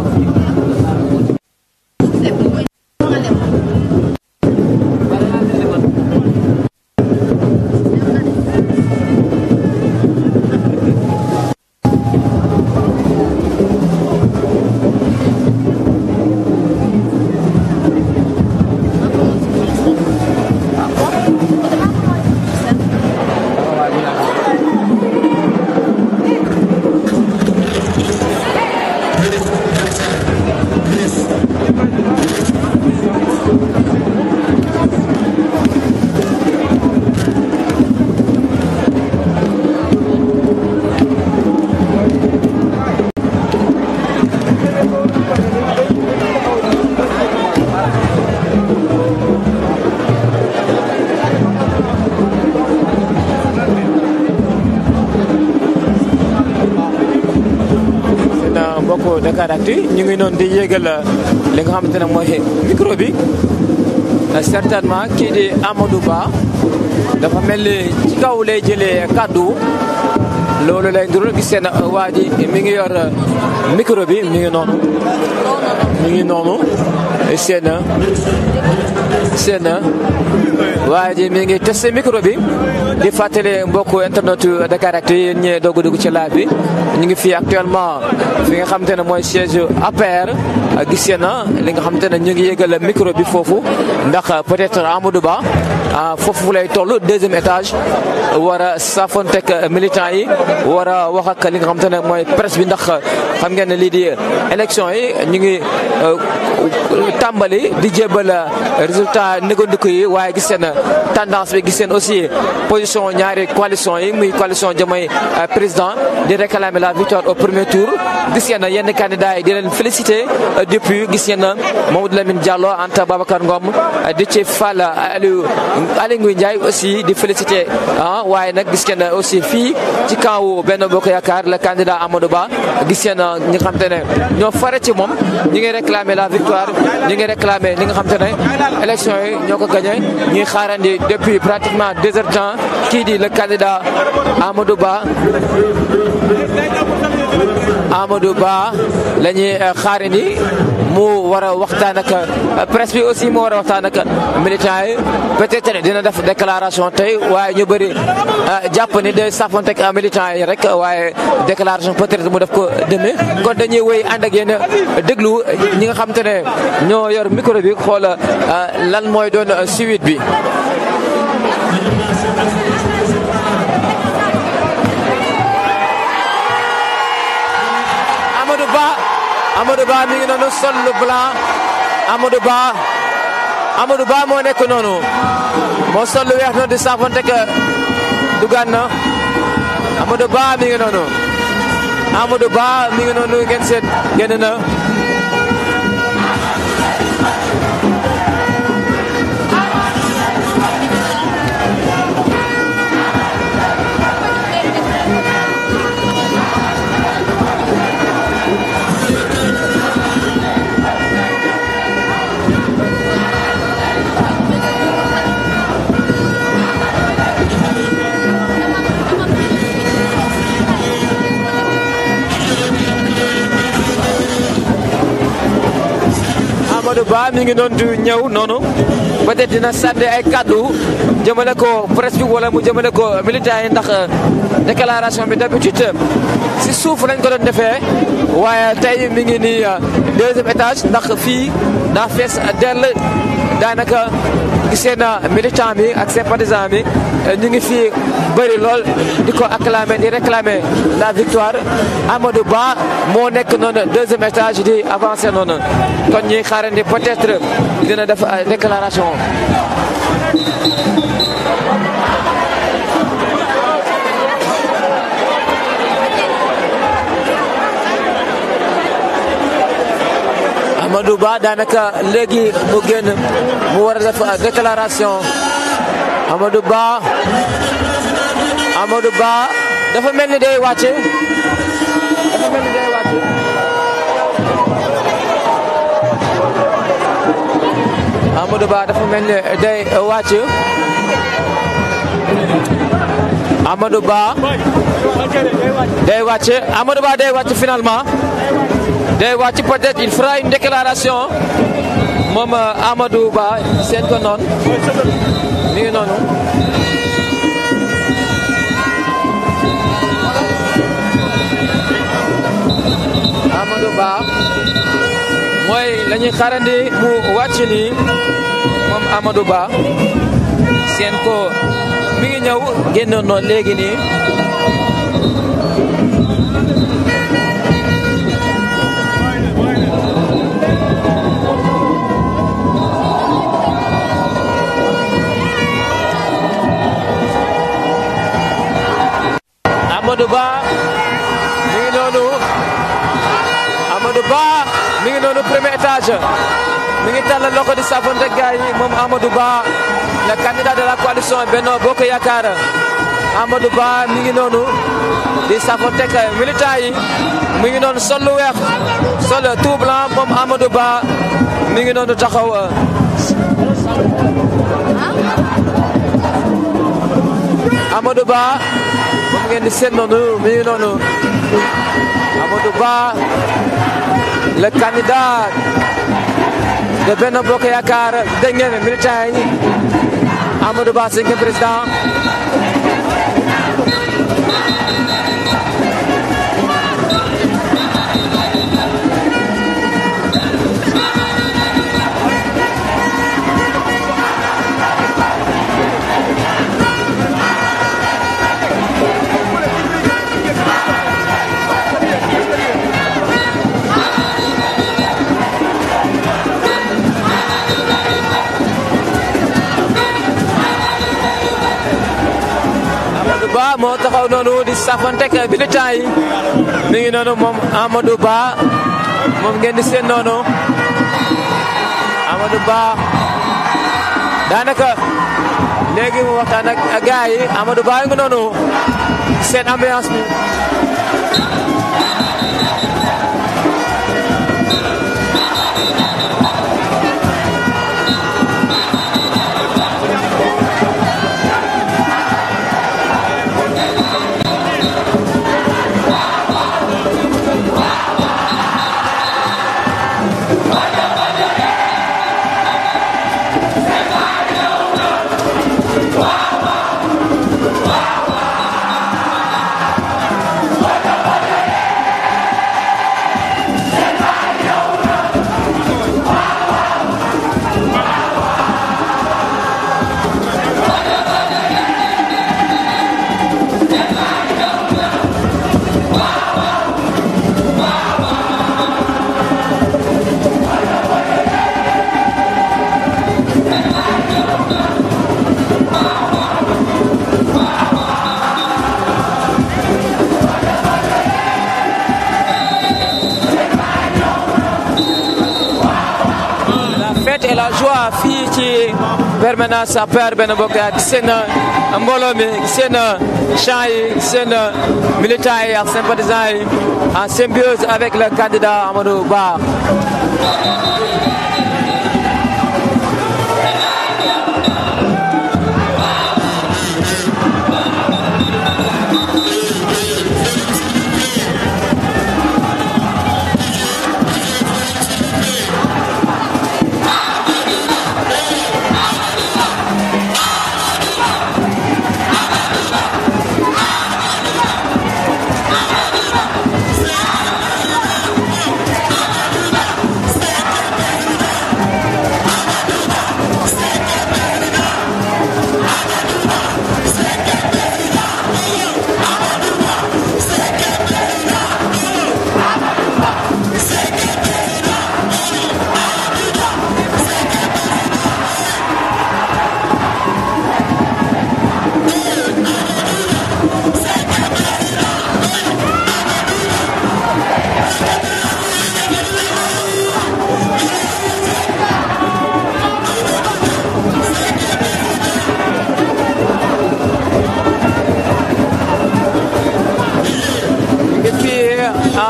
Gracias. Dakaractu ñu ngi non di yéegal euh, li nga xamante ne mooy micro bi euh, certainement kii di Amadou Ba dafa mel ni ci kaw lay jëlee loolu lay euh, mi ngi yor micro seen ah. waa ji mi ngi testé micro di fàttali mbokku internet Dakaractu yi yéen ñee doog ci live bi ñu ngi fii actuellement fi nga xamante ne mooy siège APR gisee na ah, li nga xamante ne ñu ngi yëgal micro bi foofu ndax ah, peut-être Amadou Ba. Ah, fofu lay toll deuxième étage war a saafonteeg euh, militant yi war a wax ak li nga xam te ne mooy presse bi ndax euh, xam ngeen ne lii di euh, élection yi ñu ngi tàmbali di jébal résultat négandiku yi waaye gis seen tendance bi gis seen aussi position ñaari coalition yi muy coalition jëmay président di réclamer la victoire au premier tour gis ngeen yenn candidats yi di leen féliciter depuis gis ngeen Mamadou Lamine Diallo Anta Babacar Ngom Déthié Fall Aliou Aly Ngouille Ndiaye aussi di félicité ah waaye nag gis ngeen aussi fii ci kan wu Benno Bokk Yaakaar le candidat Amadou Ba gis ngeen ah, ñi nga xam te ne ñoo fare ci moom ñi ngi réclamer la victoire ñi ngi réclamer li nga xam te ne élection yi ñoo ko gagné ñuy xaarandi depuis pratiquement deux heures temps kii di le candidat Amadou Ba. Amadou Ba lañuy ñuy euh, xaarandi mu war a waxtaan ak euh, presse bi aussi mu war a waxtaan ak militant yi peut-être dina def déclaration tey waaye ñu bëri euh, jàpp ni de saafonte ak militant yi rek waaye déclaration peut-être mu def ko demee kon dañuy wéy ànd ak yéen déglu ñi nga xam ne ñoo yor micro bi xool lan mooy doon suite bi. Amadou Ba mi ngi noonu sol lu blanc Amadou Ba moo nekk noonu moo sol lu weex noonu di saafante dugaan na Amadou Ba mi ngi noonu Amadou Ba mi noonu ngeen seet Amadou mi ngi doon di ñëw noonu peut-être dina sànni ay kàddu jëmale ko presse bi wala mu jëmale ko militants yi ndax euh, déclaration bi d'habitude euh, si suuf lañ ko doon defee waaye tey mi ngi nii euh, deuxième étage ndax fii daa fees dell daanaka gisee na militant bi ak sympathisant bi. Eh, ñu ngi fi bari lol diko acclamer réclamer la victoire Amadou Ba mo nek non deuxième étage di avancer non, kon ñi xarandi peut-être dina def déclaration. Amadou Ba le léegi mu génn mu wara a déclaration. Amadou Ba Amadou dafa mel ni day wàcce dafa mel Ba dafa mel ni day wàcce Amadou Ba day wàcce Amadou Ba finalement day wàcce peut-être il fera une déclaration moom Amadou Ba seen mi ngi noonu Amadou Ba mooy la ñuy mu wàcc nii moom Amadou Ba seen ko mi ngi ñëw génnoon noonu léegi nii. Amadou Ba mi ngi noonu Amadou Ba mi ngi noonu premier étage mi ngi tàllal loxo di safonte gars yi moom Amadou Ba le candidat de la coalition Benno Bokk Yaakaar Amadou Ba mi ngi noonu di safonte ak militant yi mi ngi noonu sol lu weex sol tout blanc moom Amadou Ba mi ngi noonu taxaw. Euh. Amadou Ba. moom ngeen di seet noonu mi ngi noonu Amadou Ba le candidat de Benno Bokk moo taxaw noonu di safontek militant yi mi noonu moom Amadou Ba moom ngeen di seen noonu Amadou Ba daanaka léegi mu waxtaan ak gars yi Amadou Ba ngi noonu seen ambiance bi. fii permanence à père benoboka Yaakaar gis seen mbooloo mi gis seen chants yi gis sympathisants en symbiose avec le candidat Amadou Ba.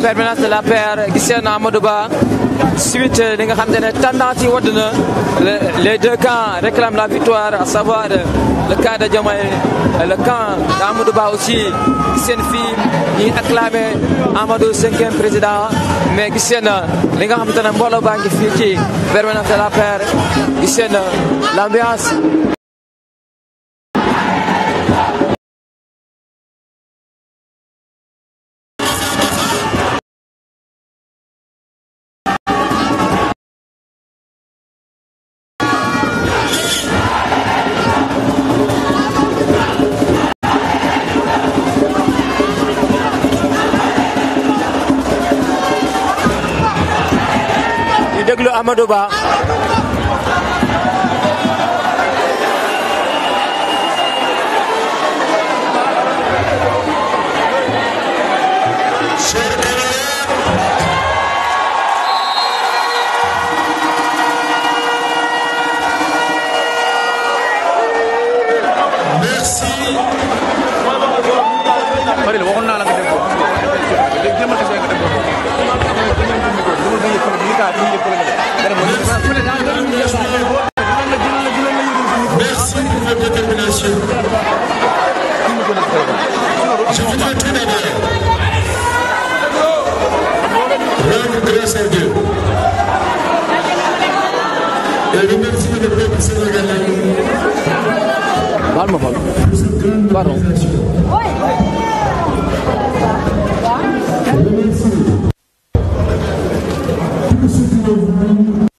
permanence de la paire, qui Amadouba, suite à nga tendance les deux camps réclament la victoire à savoir le camp de Djamaï, le camp d'Amadouba aussi Gisène Fille, qui réclamé amadou Amadou cinquième président mais qui li nga xam permanence de la paire, Gisène, l'ambiance déglu Amadou Ba. Gracias. Merci pour votre détermination. Je voudrais tout d'abord rendre grâce à Dieu et remercier le peuple sénégalais. Var mı var? Var o. Remercier